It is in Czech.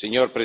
señor presidente